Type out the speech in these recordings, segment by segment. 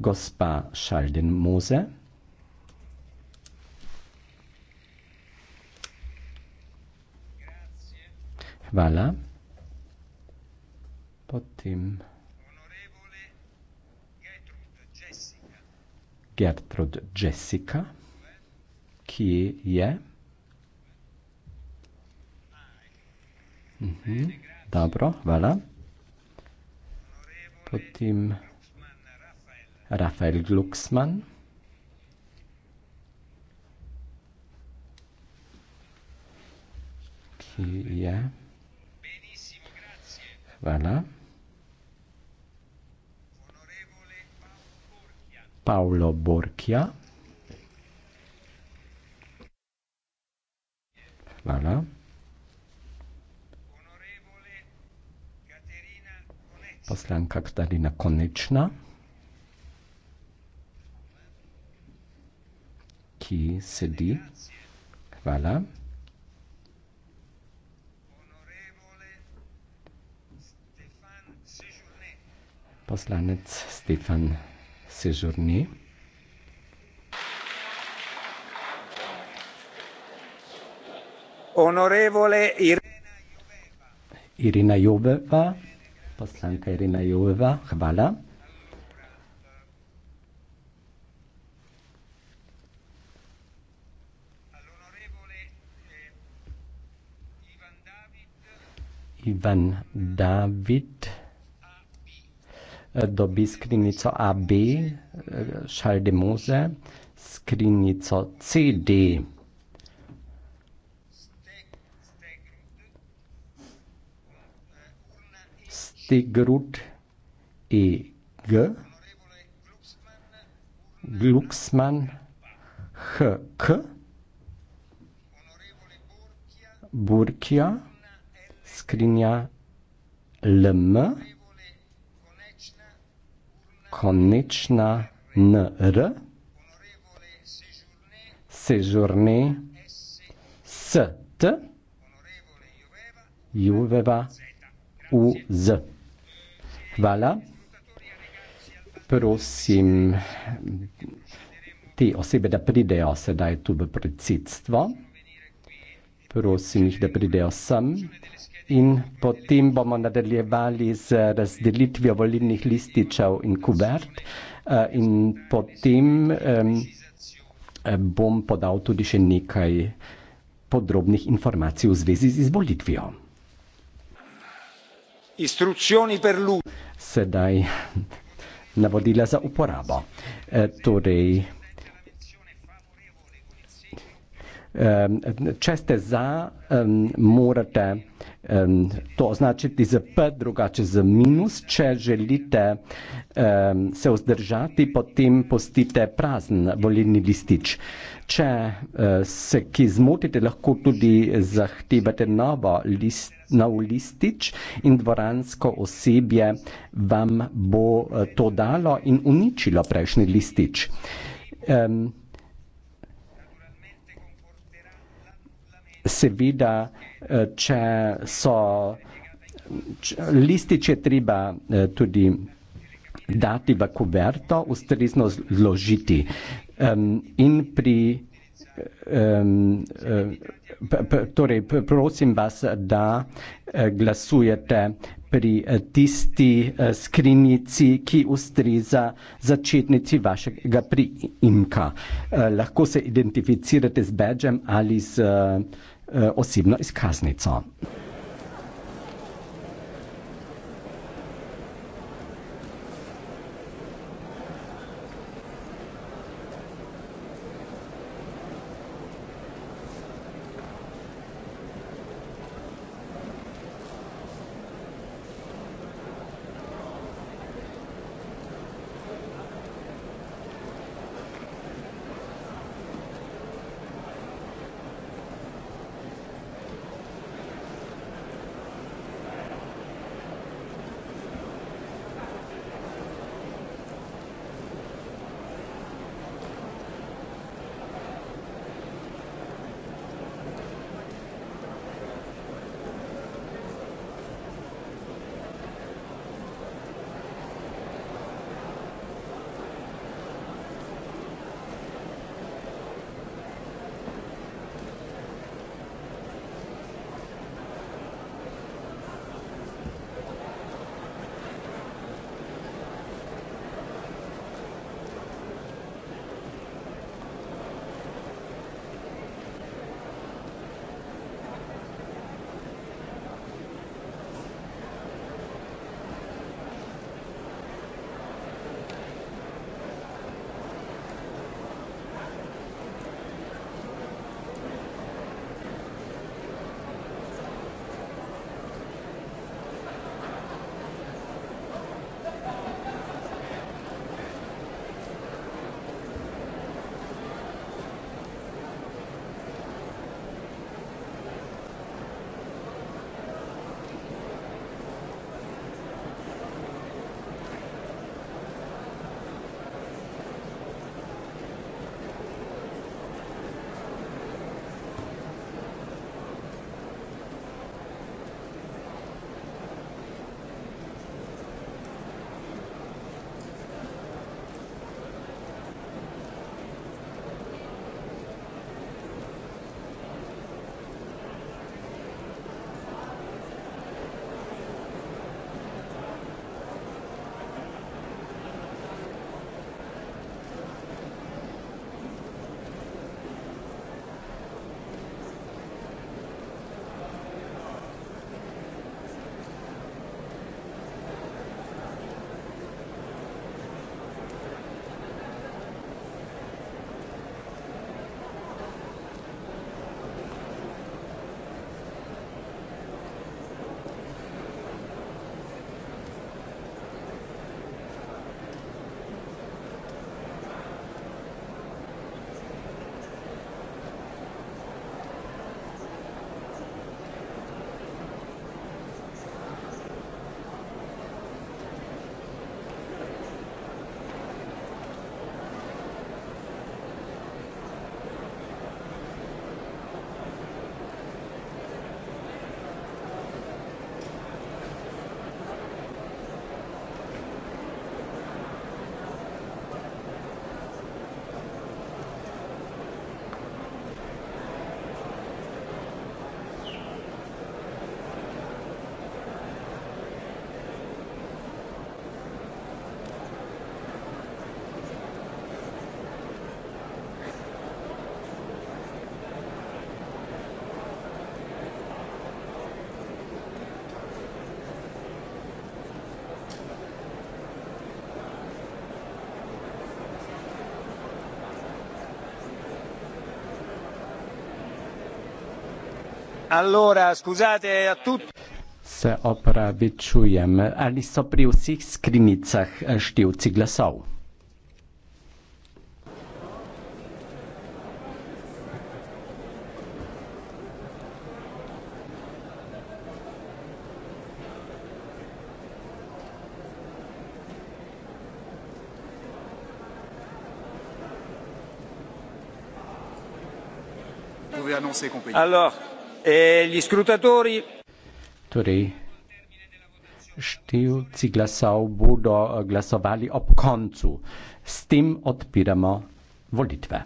Gospa Schaldenmose. Hvala. Potem. Gertrud Jessica, ki je. Uh mhm. -huh. Dobro, hvala. Potem. Raphael Glucksmann. Chi è? Voilà. Paolo Borchia. Voilà. Poslanka Katarina Konečna. Voilà. ki sedi. Hvala. Poslanec Stefan Sežurni. Honorevole Irina Joveva. Irina Joveva, poslanka Irina Joveva, hvala. Ivan David eh, dobi skrinjico AB, eh, Charles de Mose, skrinjico CD. Stigrut E. G. Glucksmann H. K. Burkia. Burkia skrinja LM, konečna NR, sežurne ST, Juveva UZ. Hvala. Prosim te osebe, da pridejo sedaj tu v predsedstvo. Prosim jih, da pridejo sem in potem bomo nadaljevali z razdelitvijo volilnih lističev in kuvert eh, in potem eh, bom podal tudi še nekaj podrobnih informacij v zvezi z izvolitvijo. Sedaj navodila za uporabo. Eh, torej, Ehm, če ste za, ehm, morate ehm, to označiti z P, drugače z minus. Če želite se vzdržati, potem postite prazen volilni listič. Če eh, se ki zmotite, lahko tudi zahtevate novo list, nov listič in dvoransko osebje vam bo eh, to dalo in uničilo prejšnji listič. seveda, eh, če so listi, če treba eh, tudi dati v kuverto, ustrezno zložiti. In pri, eh, torej, prosim vas, da glasujete pri tisti skrinici, ki ustreza začetnici vašega priimka. Lahko se identificirate z badgem ali z Eh, osebno izkaznico. Allora, scusate a tutti. Se opravičujem, ali so pri vseh skrinicah števci glasov? Alors. E, gli scrutatori torej števci glasov bodo glasovali ob koncu s tem odpiramo volitve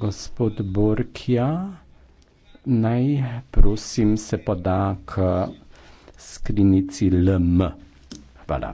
gospod borkia naj prosim se poda k skrinjici lm hvala.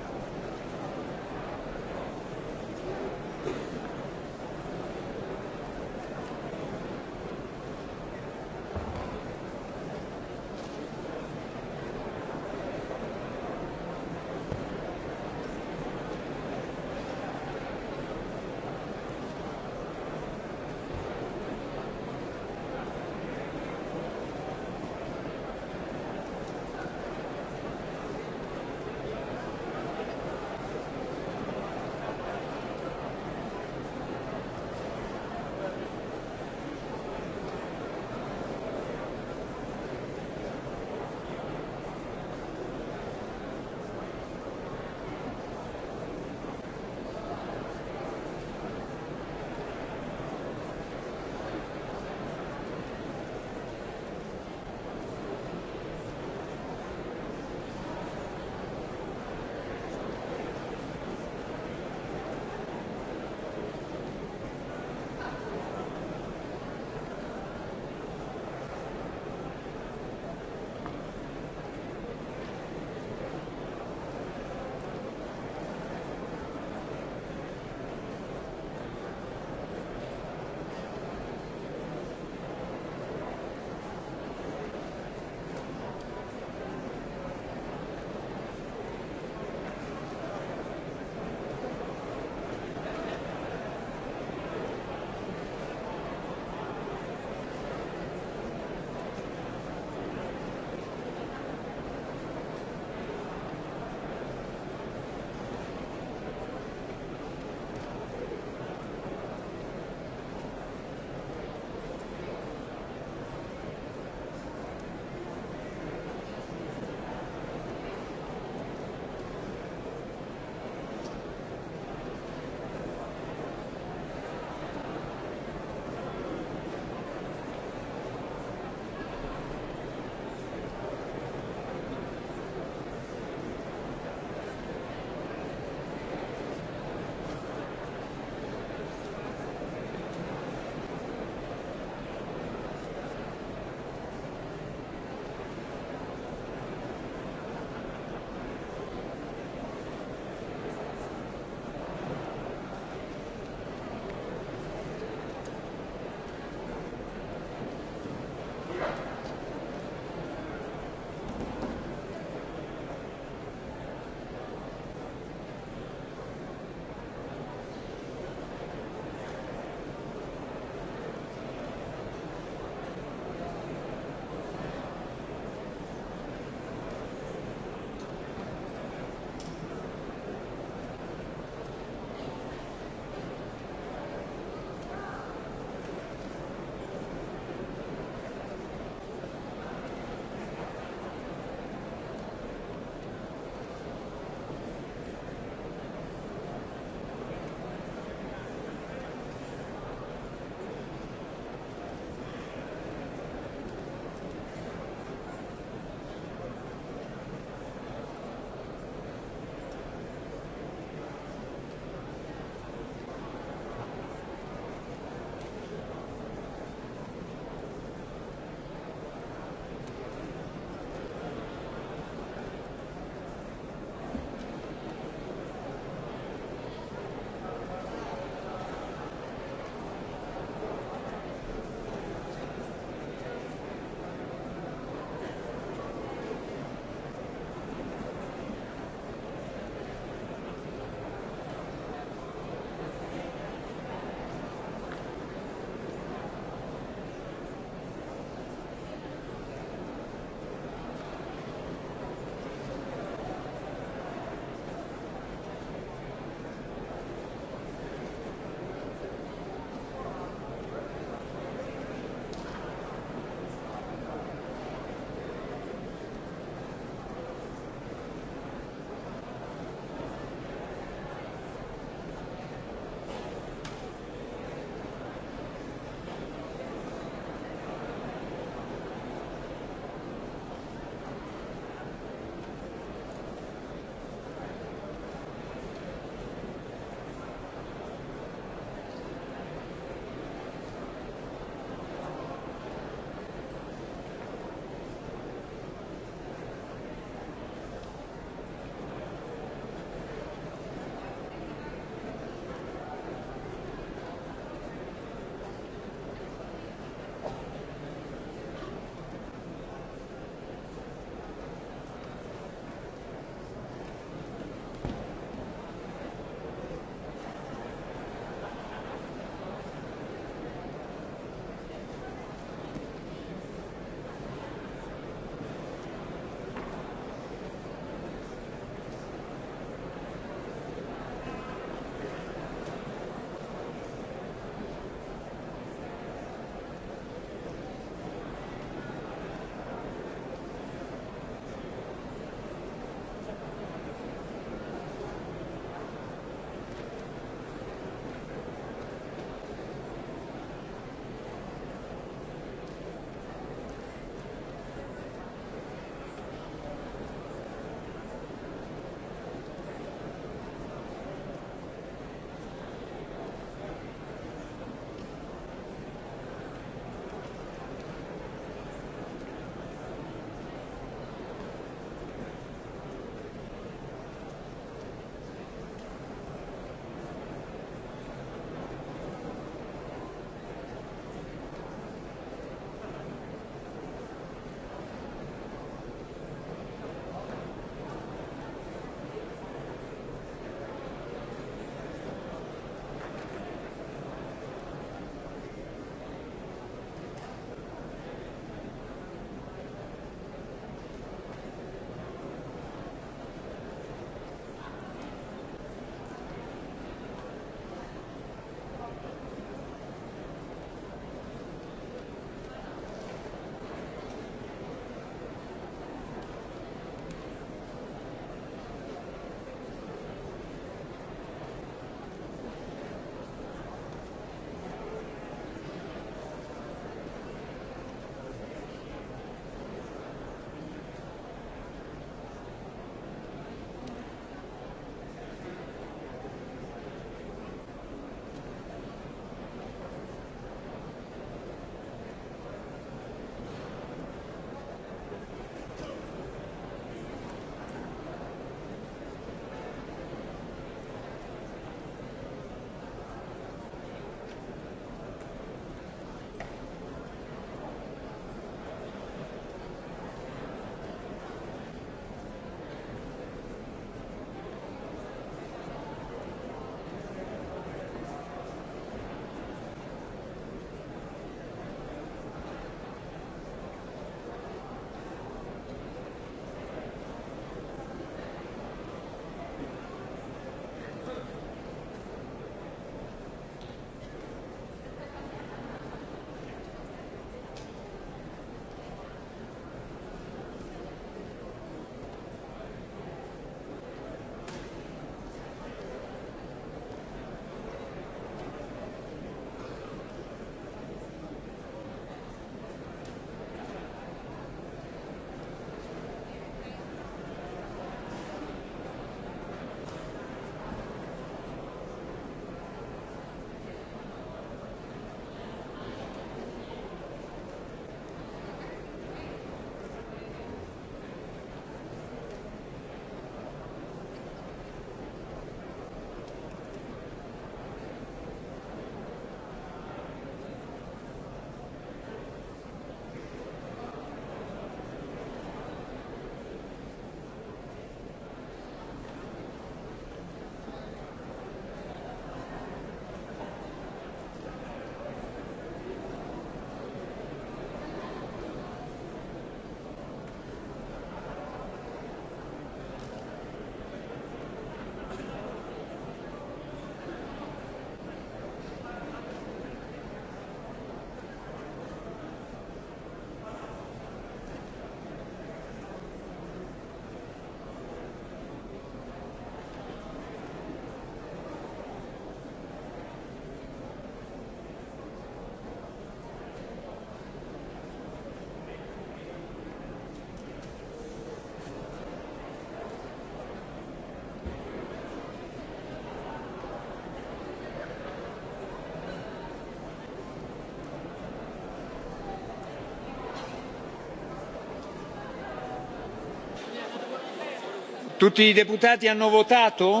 tutti i deputati hanno votato?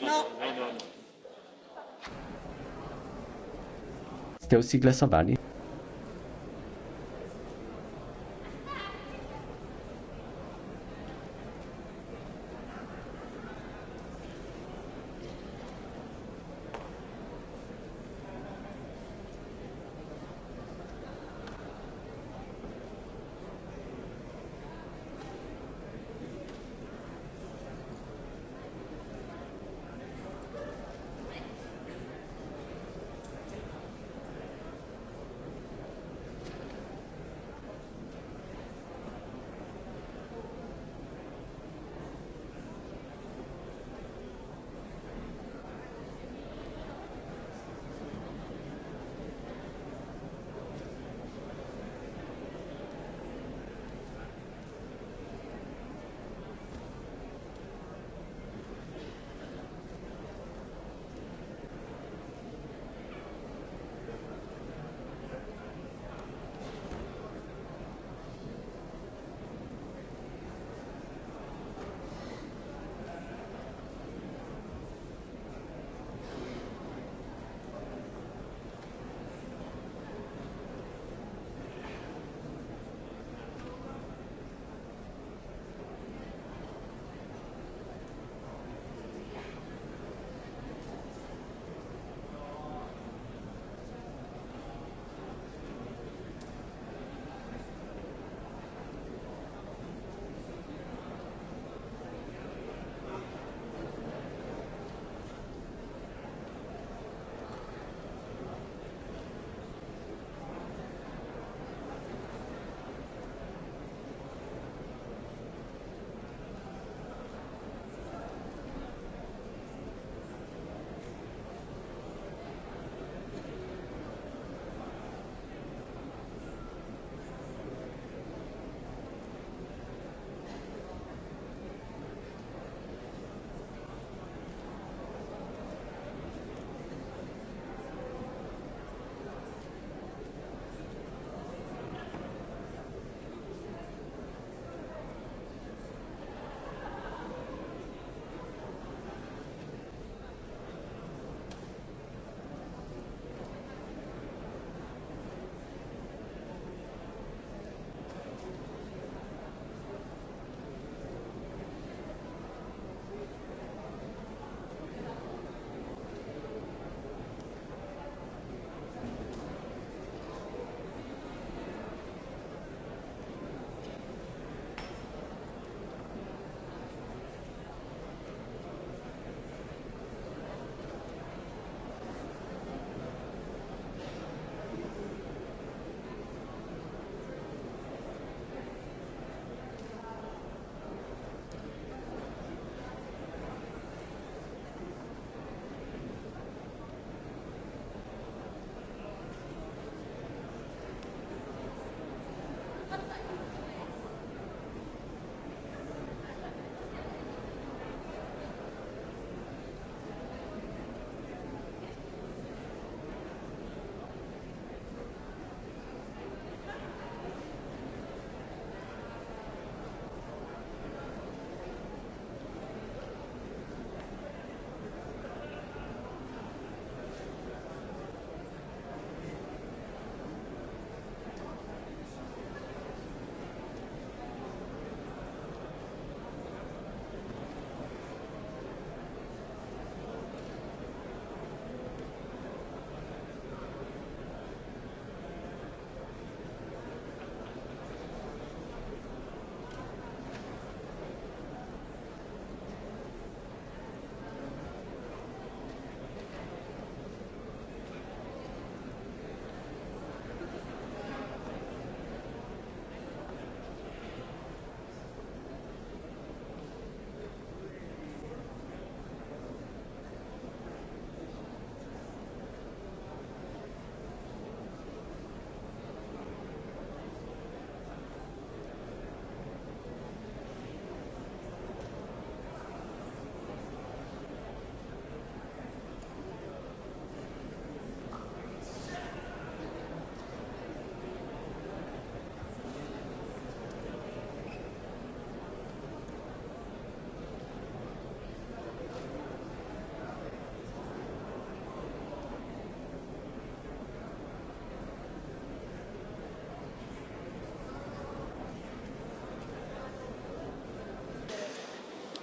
no. ste vsi glasovali?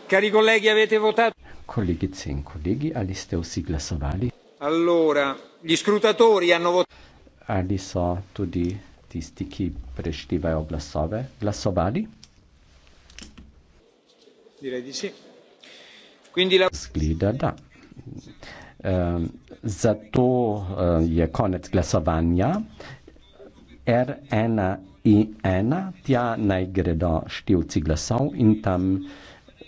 Cari colleghi, avete votato? Colleghi e colleghi, ali ste vsi glasovali? Allora, gli scrutatori hanno votato. Ali so tudi tisti, ki preštivajo glasove, glasovali? Direi di sì. Quindi la... Sgleda, da. Uh, zato uh, je konec glasovanja. R1 in 1, tja naj gredo števci glasov in tam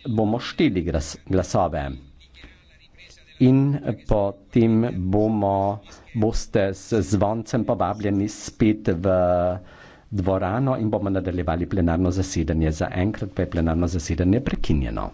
bomo šteli glasove. In potem bomo, boste s zvoncem povabljeni spet v dvorano in bomo nadaljevali plenarno zasedanje. Za enkrat pa je plenarno zasedanje prekinjeno.